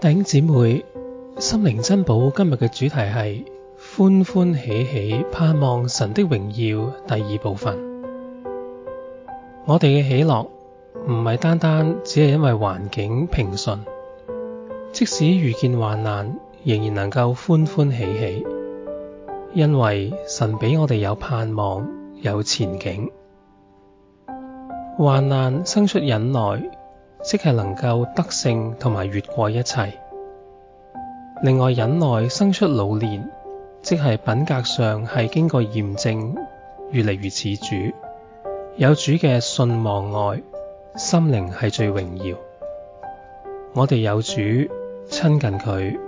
弟兄姐妹，心靈珍寶今日嘅主題係歡歡喜喜盼望神的榮耀第二部分。我哋嘅喜樂唔係單單只係因為環境平順，即使遇見患難，仍然能夠歡歡喜喜，因為神俾我哋有盼望，有前景。患難生出忍耐。即係能夠得勝同埋越過一切。另外忍耐生出老練，即係品格上係經過驗證，越嚟越似主。有主嘅信望愛，心靈係最榮耀。我哋有主親近佢，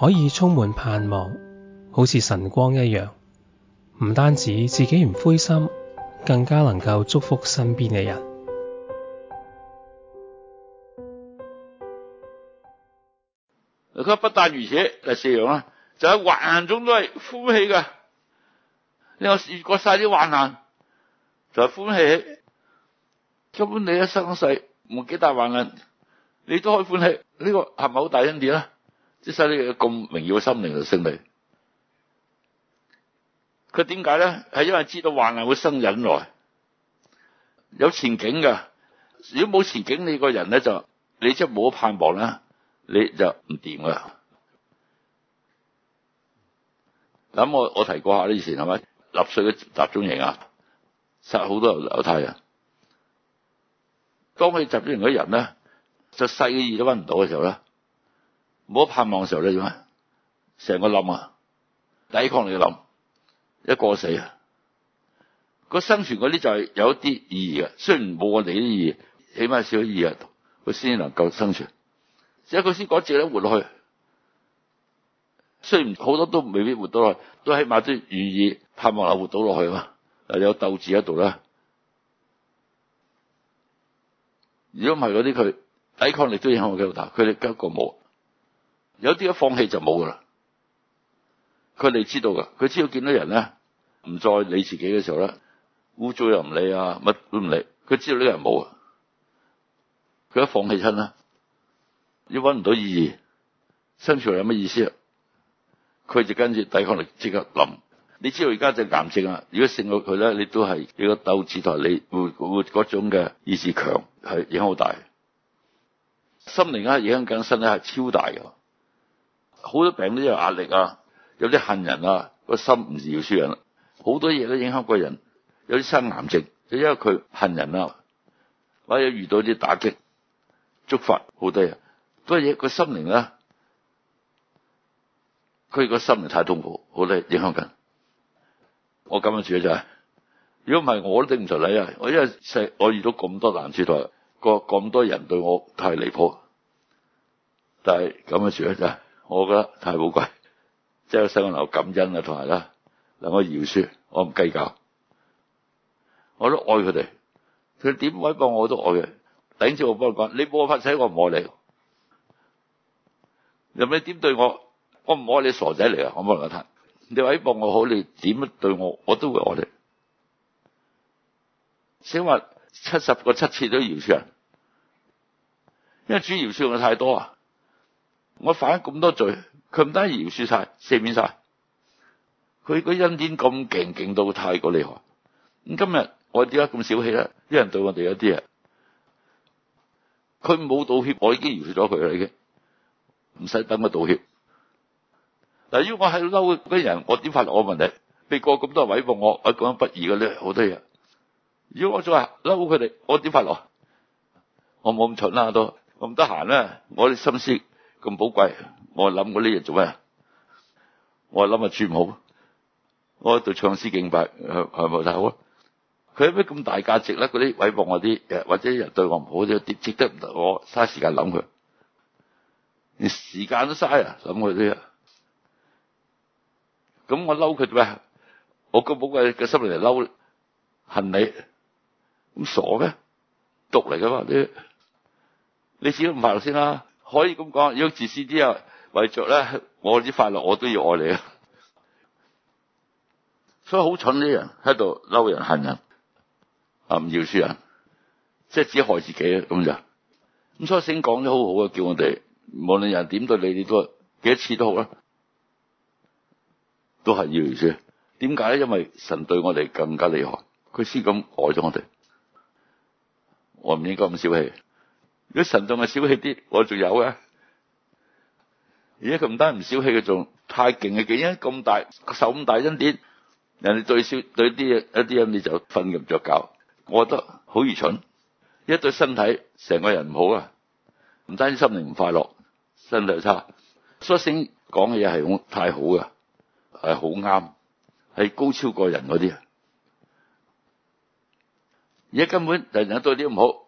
可以充滿盼望，好似神光一樣。唔單止自己唔灰心，更加能夠祝福身邊嘅人。佢不但如此，第四樣啦，就喺患難中都係歡喜嘅。呢個越過晒啲患難，就係歡喜。根本你一生世冇幾大患難，你都開歡喜，呢個係咪好大恩典啊？即使你咁榮耀嘅心靈就勝利。佢點解咧？係因為知道患難會生忍耐，有前景嘅。如果冇前景，你個人咧就你即係冇盼望啦。你就唔掂噶，咁我我提過下呢？以前係咪納粹嘅集中營啊，殺好多猶太人呀、啊。當當佢集中營嘅人咧，就細嘅意義都搵唔到嘅時候咧，冇好盼望嘅時候咧，點啊？成個冧啊，抵抗你嘅冧，一過死啊！個生存嗰啲就係有啲意義嘅，雖然冇我哋啲意義，起碼少咗意義呀，佢先能夠生存。只係佢先講自己活落去，雖然好多都未必活到落去，都起碼都願意盼望下活到落去嘛。有鬥志喺度啦。如果唔係嗰啲，佢抵抗力都已經好強大，佢哋一個冇。有啲一放棄就冇噶啦。佢哋知道噶，佢只要見到人咧，唔再理自己嘅時候咧，污糟又唔理啊，乜都唔理。佢知道呢個人冇啊，佢一放棄親啦。你揾唔到意義，生存有乜意思啊？佢就跟住抵抗力即刻冧。你知道而家隻癌症啊！如果勝過佢咧，你都係你個鬥志同你會會嗰種嘅意志強，係影響好大。心靈啊，影響緊身體係超大嘅。好多病都有壓力啊，有啲恨人啊，個心唔是要輸人。好多嘢都影響過人。有啲生癌症就因為佢恨人呀。或者遇到啲打擊、觸發好多嘢。嗰嘢個心靈咧，佢個心靈太痛苦，好咧影響緊。我咁樣住咧就係、是，如果唔係我都頂唔順你因我因為我遇到咁多難處台，個咁多人對我太離譜，但係咁樣住咧就係、是，我覺得太寶貴，即係我細個留感恩啊，同埋咧嗱，我饒恕，我唔計較，我都愛佢哋。佢點鬼幫我，我都愛佢。頂住我幫佢講，你冇法使我唔愛你。又咪點對我？我唔愛你，傻仔嚟啊！我冇嚟個攤。你希望我好，你點對我，我都會愛你。小話七十個七次都饒恕人，因為主饒恕我太多啊！我犯咁多罪，佢唔單止饒恕晒，赦免晒。佢個恩典咁勁，勁到太過厲害。咁今日我點解咁小氣咧？啲人對我哋有啲嘢，佢冇道歉，我已經饒恕咗佢啦已經。唔使等佢道歉。嗱，如果我喺度嬲嗰啲人，我點快樂？我問你，你過咁多人誹謗我，我講咁不義嘅咧，好多嘢。如果我再嬲佢哋，我點快樂？我冇咁蠢啦，都我唔得閒啦。我啲心思咁寶貴，我諗嗰啲人做咩？我諗啊，做唔好。我喺度唱詩敬拜，係咪太好啊？佢有咩咁大價值咧？嗰啲誹謗我啲，或者人對我唔好啲，值得唔得我嘥時間諗佢？連時間都嘥啊！咁我啲，咁我嬲佢做咩？我個寶貴嘅心嚟嬲恨你咁傻咩？毒嚟噶嘛？你你自己唔快樂先啦，可以咁講。如果自私啲啊，為著咧我啲快樂，我都要愛你啊。所以好蠢啲人喺度嬲人恨人，人、人啊，唔饒恕人、啊，即係只害自己啊。咁就咁，所以先講得好好嘅，叫我哋。無論人點對你，你都幾多次都好啦，都係要住。點解咧？因為神對我哋更加厲害，佢先咁愛咗我哋。我唔應該咁小氣。如果神仲係小氣啲，我仲有嘅。而且佢唔單唔小氣，佢仲太勁嘅，點解咁大受咁大恩典？人哋對少對啲一啲嘢你就瞓唔着覺，我覺得好愚蠢。一對身體成個人唔好啊，唔單止心靈唔快樂。質略差，蘇醒講嘢係好太好噶，係好啱，係高超過人嗰啲啊！而家根本人人對啲唔好，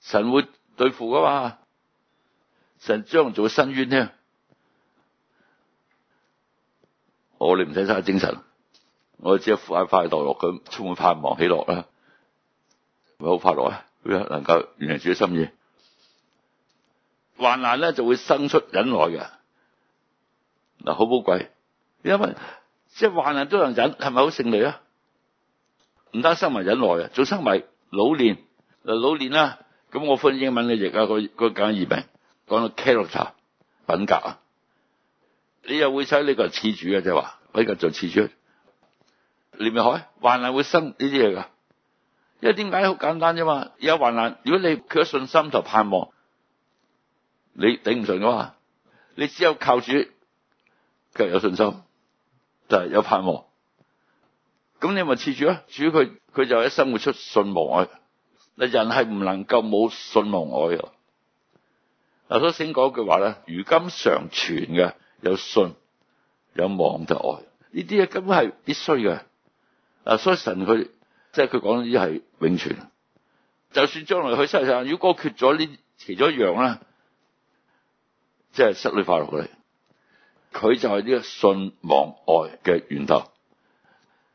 神會對付噶嘛？神將做伸冤添。我哋唔使嘥精神，我哋只係快快樂樂咁充滿盼望起落啦，咪好快樂啊！能夠完成自己的心意。患難咧就會生出忍耐嘅嗱，好寶貴，因為即係患難都能忍，係咪好勝利啊？唔單生埋忍耐啊，仲生埋老練，老練啦。咁我翻英文嘅譯啊，個佢簡易名，講到 character 品格啊，你又會使呢個次主嘅即係話，呢個就次主。連日海患難會生呢啲嘢㗎，因為點解好簡單啫嘛？有患難，如果你佢有信心同盼望。你頂唔順噶嘛？你只有靠主，佢有信心，就係有盼望。咁你咪賜住咧？主佢佢就喺生活出信望愛。嗱，人係唔能夠冇信望愛嘅。嗱，所先講一句話咧，如今常存嘅有信有望就愛，呢啲嘢根本係必須嘅。嗱，所以神佢即係佢講呢啲係永存，就算將來佢世界上，如果缺咗呢其中一樣咧。即係失去快樂，嚟，佢就係呢個信望愛嘅源頭，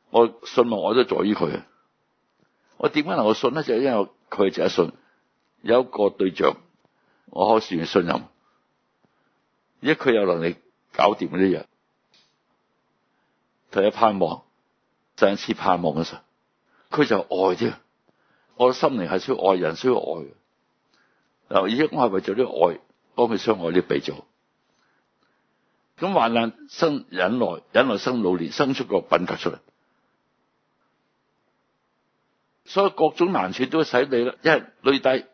我信望愛都在於佢。我點解能夠信呢？就係因為佢值得信，有一個對象，我可以完全信任。而家佢有能力搞掂呢啲嘢。第一盼望，第一次盼望嘅時候，佢就愛啫，我嘅心靈係需要愛人，需要愛。嗱，而家我係為咗啲愛。幫佢傷害啲俾造，咁患難生忍耐，忍耐生老練，生出個品格出嚟。所以各種難處都使你啦，一係累低，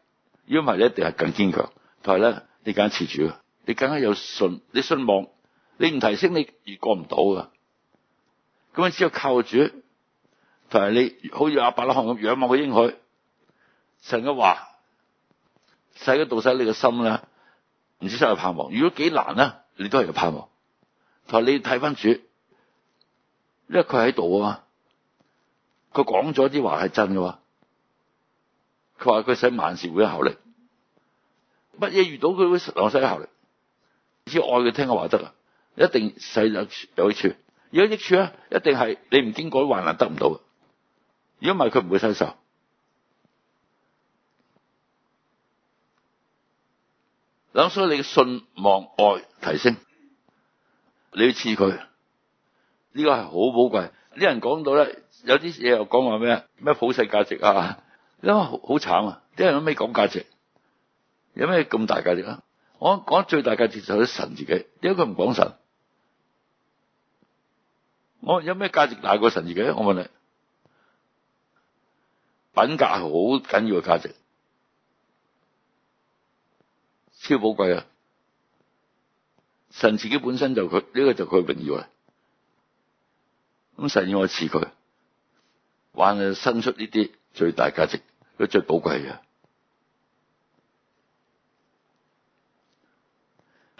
一唔係你一定係更堅強。同埋咧，你堅持住，你更加有信，你信望，你唔提升，你越過唔到噶。咁啊，只要靠主，同埋你，好似阿伯拉罕咁仰望嘅應許，神嘅話，使佢導使你嘅心啦唔知失去盼望，如果幾難咧，你都係要盼望。佢話你睇翻主，因為佢喺度啊嘛，佢講咗啲話係真嘅。佢話佢使萬事會有效力，乜嘢遇到佢會落使效力。只要愛佢聽嘅話得啦，一定使有有益處。有益處啊？一定係你唔經過患難得唔到嘅。如果唔係，佢唔會收手。咁所以你嘅信望愛提升，你要賜佢呢個係好寶貴。啲人講到咧，有啲嘢，又講話咩咩普世價值啊，因為好慘啊！啲人咁尾講價值，有咩咁大價值啊？我講最大價值就喺神自己，點解佢唔講神？我有咩價值大過神自己？我問你，品格係好緊要嘅價值。超寶貴啊！神自己本身就佢呢個就佢榮耀啊！咁神要我賜佢，還係生出呢啲最大價值，佢最寶貴嘅。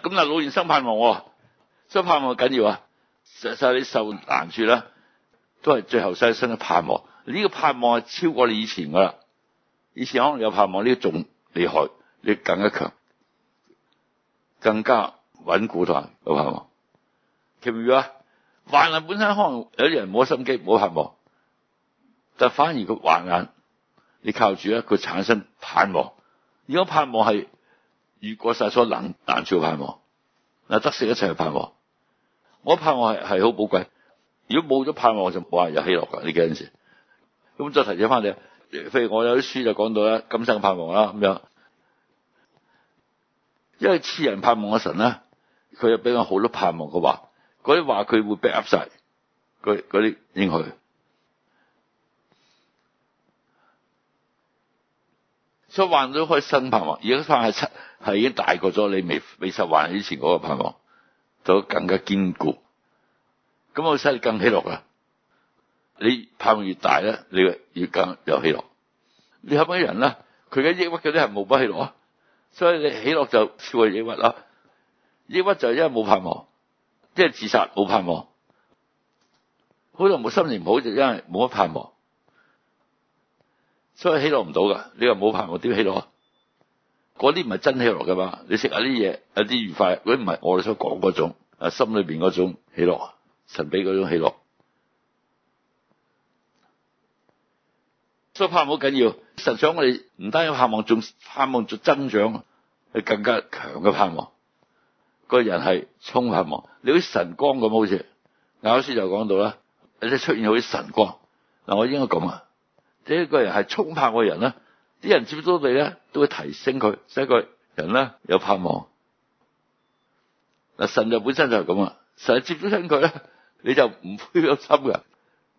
咁嗱，老練生盼望，所以盼望緊要啊！成世你受難處啦，都係最後世一生嘅盼望。呢個盼望係超過你以前噶啦，以前可能有盼望，呢個仲厲害，你更加強，更加穩固啲，有盼望。唔如啊？患癌本身可能有啲人冇心機，冇盼望，但反而佢患癌，你靠住咧，佢產生盼望。如果盼望係越過晒所難難處嘅盼望，嗱得勝一切嘅盼望，我盼望係係好寶貴。如果冇咗盼望，我就冇話有喜樂㗎。你記緊先。咁就提醒翻你，譬如我有啲書就講到咧，今生盼望啦，咁樣。因為賜人盼望嘅神咧，佢有俾我好多盼望嘅話，嗰啲話佢會 back up 晒，嗰啲應許，所以幻到開新盼望，而家幻係係已經大過咗你未未實幻以前嗰個盼望，就更加堅固。咁啊犀更起落啦！你盼望越大咧，你越更有起落。你後屘人啦，佢嘅抑鬱嗰啲係冇不起落啊。所以你喜樂就少咗抑鬱啦，抑鬱就係因為冇盼望，即係自殺冇盼望，好耐冇心情唔好就因為冇乜盼望，所以喜樂唔到噶。你話冇盼望點喜樂啊？嗰啲唔係真喜樂噶嘛？你食下啲嘢有啲愉快，嗰啲唔係我哋所講嗰種啊，心裏邊嗰種喜樂、神畀嗰種喜樂。所以盼望好緊要，實際我哋唔單要盼望，仲盼望做增長，係更加強嘅盼望。個人係充盼望，你好似神光咁好似啱啱先就講到啦，有啲出現好似神光。嗱，我應該咁啊，一、這個人係充盼望嘅人咧，啲人接觸到你咧，都會提升佢，使係個人咧有盼望。嗱，神就本身就係咁啊，神接觸親佢咧，你就唔灰心嘅。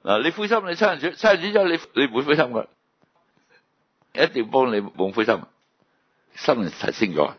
嗱，你灰心，你七日煮，七日煮之後，你你唔會灰心嘅，一定幫你唔灰心，心力提升咗。